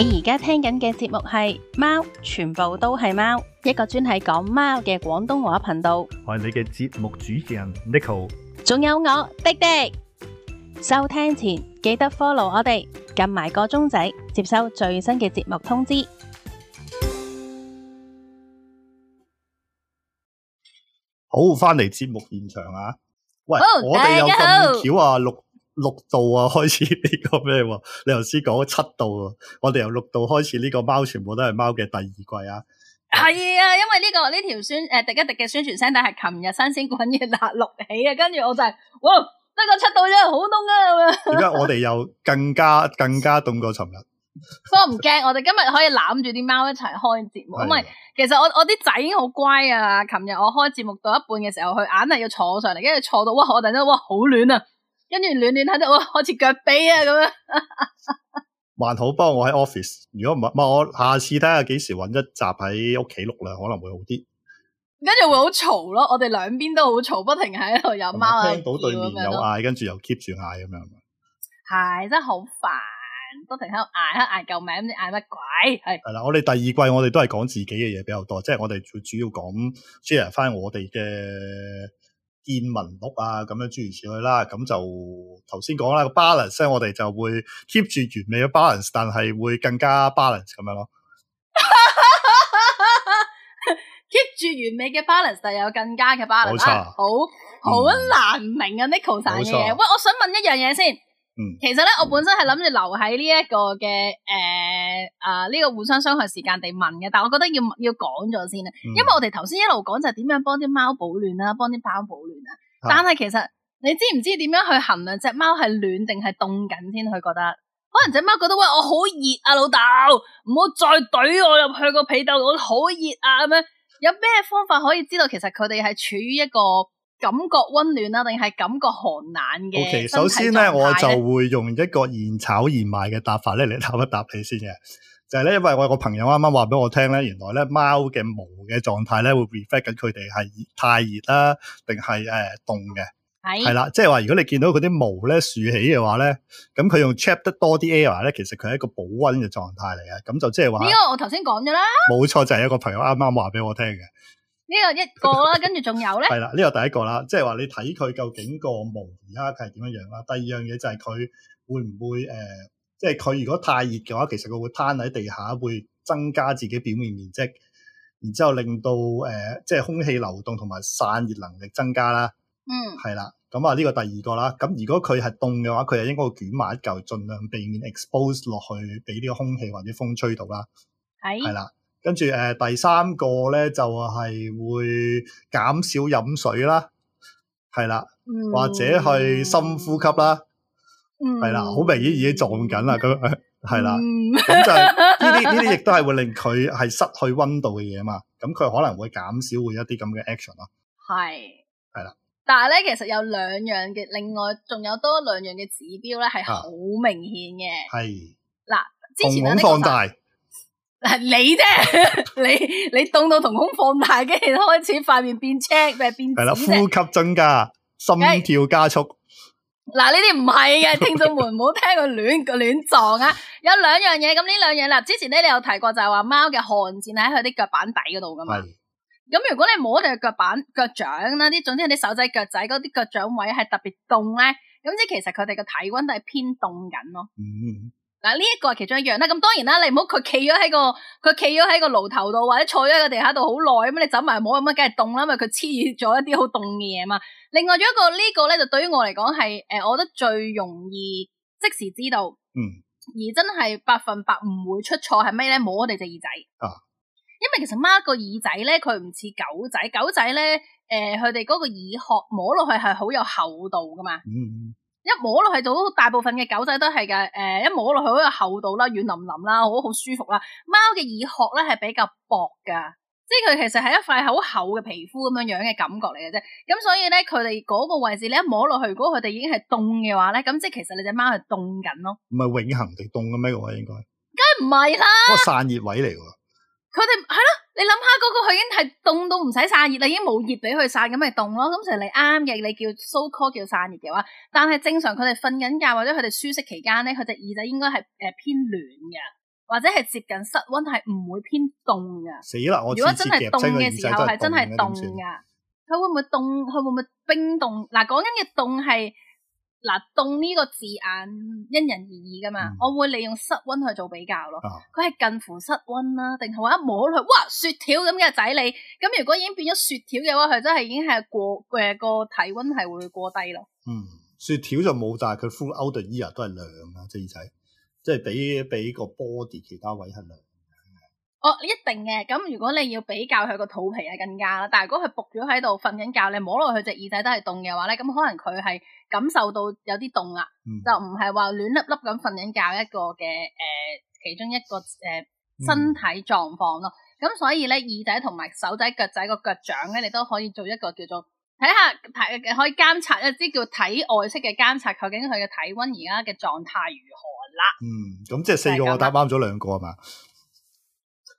你而家聽緊嘅節目係貓，全部都係貓，一個專係講貓嘅廣東話頻道。我係你嘅節目主持人 Neko，仲有我廸廸。收聽前記得 follow 我哋，撳埋個鐘仔，接收最新嘅節目通知。好，翻嚟節目現場啊！喂，哦、我哋有咁巧啊，六。六度啊，開始呢個咩？你頭先講七度，啊，我哋由六度開始呢、這個貓，全部都係貓嘅第二季啊！係啊，因為呢、這個呢條、這個、宣誒廸廸嘅宣傳聲帶係琴日新鮮滾熱辣六起啊，跟住我就係、是、哇，得個七度真係好凍啊！而家我哋又更加、啊、更加凍過琴日，不過唔驚，我哋今日可以攬住啲貓一齊開節目。因為，其實我我啲仔已經好乖啊！琴日我開節目到一半嘅時候，佢硬係要坐上嚟，跟住坐到哇，我突然間哇好暖啊！跟住暖暖睇到我好似腳痹啊咁樣。還好，不過我喺 office。如果唔係唔係，我下次睇下幾時搵一集喺屋企錄啦，可能會好啲。跟住會好嘈咯，我哋兩邊都好嘈，不停喺度有貓啊，聽到對面有嗌，跟住又 keep 住嗌咁樣。係真係好煩，不停喺度嗌，喺嗌救命，唔知嗌乜鬼。係係啦，我哋第二季我哋都係講自己嘅嘢比較多，即係我哋主要講 share 翻我哋嘅。建民屋啊，咁樣諸如此類啦，咁就頭先講啦個 balance，我哋就會 keep 住完美嘅 balance，但係會更加 balance 咁樣咯。keep 住 完美嘅 balance，但有更加嘅 balance，錯、啊、好好、嗯、難明啊 Nicholas 嘅嘢錯。喂，我想問一樣嘢先。嗯、其實咧，我本身係諗住留喺呢一個嘅誒、呃、啊、呢、呢個互相傷害時間地問嘅，但係我覺得要要講咗先啦，嗯、因為我哋頭先一路講就係點樣幫啲貓保暖啦，幫啲貓保暖啊，但係其實你知唔知點樣去衡量隻貓係暖定係凍緊先？佢覺得可能隻貓覺得喂，我好熱啊，老豆唔好再懟我入去個被竇度，好熱啊咁樣，有咩方法可以知道其實佢哋係處於一個？感覺溫暖啦、啊，定係感覺寒冷嘅？OK，首先咧，我就會用一個現炒現賣嘅答法咧嚟答一答你先嘅，就係咧，因為我有個朋友啱啱話俾我聽咧，原來咧貓嘅毛嘅狀態咧會 reflect 緊佢哋係太熱啦，定係誒凍嘅，係係啦，即係話如果你見到佢啲毛咧豎起嘅話咧，咁佢用 chap 得多啲 air 咧，其實佢係一個保溫嘅狀態嚟嘅，咁就即係話，呢個我頭先講咗啦，冇錯就係一個朋友啱啱、啊呃、的話俾我聽嘅。.呢個一個啦，跟住仲有咧。係啦， 呢、呢個第一個啦，即係話你睇佢究竟個毛而家佢係點樣樣啦。第二樣嘢就係佢會唔會誒、呃，即係佢如果太熱嘅話，其實佢會攤喺地下，會增加自己表面面積，然之後令到誒、呃，即係空氣流動同埋散熱能力增加啦。嗯，係啦，咁啊呢個第二個啦，咁如果佢係凍嘅話，佢就應該會捲埋一嚿，盡量避免 expose 落去俾呢個空氣或者風吹到啦。係的，係啦。跟住誒、呃，第三個咧就係、是、會減少飲水啦，係啦，嗯、或者係深呼吸啦，係、嗯、啦，好明顯已經撞緊、嗯、 啦，咁樣係啦，咁就呢啲呢啲亦都係會令佢係失去溫度嘅嘢嘛，咁佢可能會減少會一啲咁嘅 action 咯，係係啦，是啦，但係咧其實有兩樣嘅，另外仲有多兩樣嘅指標咧係好明顯嘅，係嗱、啊，之前咧你講大。洪洪嗱 你啫，你你凍到瞳孔放大，跟住開始塊面變青，變紫啦，呼吸增加，心跳加速。嗱，呢啲唔係嘅，聽眾們唔好聽佢亂亂撞啊！有兩樣嘢，咁呢兩樣啦。之前咧你有提過，就係話貓嘅汗腺喺佢啲腳板底嗰度㗎嘛。咁的如果你摸佢嘅腳板、腳掌啦，啲總之啲手仔、腳仔嗰啲腳掌位係特別凍咧，咁即係其實佢哋個體溫都係偏凍緊咯。嗯嗱，呢一個係其中一樣啦，咁當然啦，你唔好佢企咗喺個佢企咗喺個爐頭度，或者坐咗喺個地下度好耐，咁你走埋摸咁，梗係凍啦，因為佢黐咗一啲好凍嘅嘢嘛。另外仲有一個、這個、呢個咧，就對於我嚟講係，誒，我覺得最容易即時知道，嗯，而真係百分百唔會出錯係咩咧？摸我哋隻耳仔，啊，因為其實貓個耳仔咧，佢唔似狗仔，狗仔咧，誒、呃，佢哋嗰個耳殼摸落去係好有厚度㗎嘛，嗯。一摸落去，到大部分嘅狗仔都係嘅，誒、呃，一摸落去嗰個厚度啦，軟腍腍啦，我都好舒服啦。貓嘅耳殼咧，係比較薄嘅，即係佢其實係一塊好厚嘅皮膚咁樣樣嘅感覺嚟嘅啫。咁所以咧，佢哋嗰個位置你一摸落去，如果佢哋已經係凍嘅話咧，咁即係其實你隻貓係凍緊咯。唔係永恆地凍嘅咩？喎、嗰個位，應該梗係唔係啦，個散熱位嚟嘅。佢哋係咯。你諗下嗰個佢已經係凍到唔使散熱啦，已經冇熱俾佢散，咁咪凍咯。咁其實你啱嘅，你叫 so called 叫散熱嘅話，但係正常佢哋瞓緊覺或者佢哋舒適期間咧，佢隻耳仔應該係誒偏暖嘅，或者係接近室溫，係唔會偏凍嘅。死啦！我如果真係凍嘅時候，係真係凍噶。佢會唔會凍？佢會唔會冰凍？嗱，講緊嘅凍係。嗱，凍呢個字眼因人而異㗎嘛，嗯、我會利用室温去做比較咯。佢係、啊、近乎室温啦，定係我一摸佢，哇，雪條咁嘅仔你，咁如果已經變咗雪條嘅話，佢真係已經係過誒個體温係會過低咯。嗯，雪條就冇，但係佢 foot 同 ear 都係涼啊，隻耳仔即係比比個 body 其他位係涼。哦，一定嘅。咁如果你要比較佢個肚皮係更加啦，但係如果佢伏咗喺度瞓緊覺，你摸落去隻耳仔都係凍嘅話咧，咁可能佢係感受到有啲凍啦，嗯、就唔係話亂粒粒咁瞓緊覺一個嘅誒，其中一個誒、呃呃、身體狀況咯。咁、嗯、所以咧，耳仔同埋手仔、腳仔個腳掌咧，你都可以做一個叫做睇下，睇可以監察一啲叫體外式嘅監察，究竟佢嘅體溫而家嘅狀態如何啦。嗯，咁即係四個我答啱咗兩個係嘛？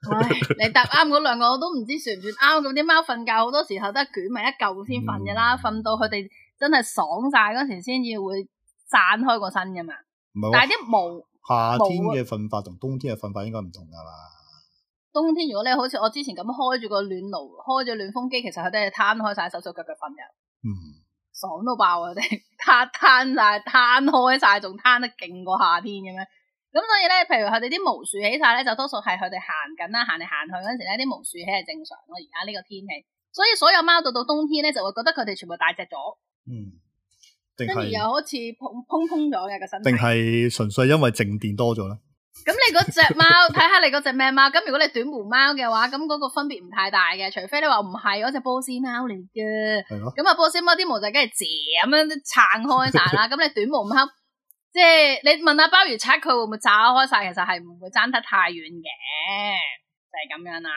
唉、 哎，你答啱嗰兩個我都唔知算唔算啱。咁啲貓瞓覺好多時候都係捲埋一嚿先瞓嘅啦，瞓、嗯、到佢哋真係爽晒嗰時先至會散開個身噶嘛。是但係啲毛夏天嘅瞓法同冬天嘅瞓法應該唔同噶啦。冬天如果你好似我之前咁開住個暖爐，開咗暖風機，其實佢哋係攤開晒手手腳腳瞓嘅。嗯，爽到爆啊！佢哋攤攤晒，攤開晒，仲攤得勁過夏天嘅咩？咁所以咧，譬如佢哋啲毛豎起晒咧，就多數係佢哋行緊啦，行嚟行去嗰陣時咧，啲毛豎起係正常咯。而家呢個天氣，所以所有貓到到冬天咧，就會覺得佢哋全部大隻咗。嗯，跟住又好似蓬蓬蓬咗嘅個身體，定係純粹因為靜電多咗咧？咁你嗰隻貓，睇下你嗰隻咩貓？咁 如果你短毛貓嘅話，咁嗰個分別唔太大嘅，除非你話唔係嗰隻波斯貓嚟嘅。係咯的。咁啊，波斯貓啲毛就梗係咁樣撐開晒啦。咁 你短毛貓。即係你問下鮑魚叉，佢會唔會炸開晒？其實係唔會爭得太遠嘅，就係咁樣啦。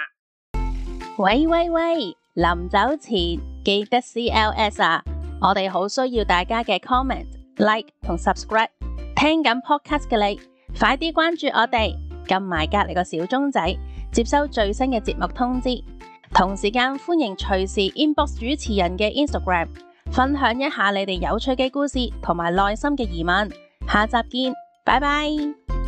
喂喂喂！臨走前記得 CLS 啊！我哋好需要大家嘅 comment、like 同 subscribe。聽緊 podcast 嘅你，快啲關注我哋，撳埋隔籬個小鐘仔，接收最新嘅節目通知。同時間歡迎隨時 inbox 主持人嘅 Instagram，分享一下你哋有趣嘅故事同埋內心嘅疑問。下集見，拜拜。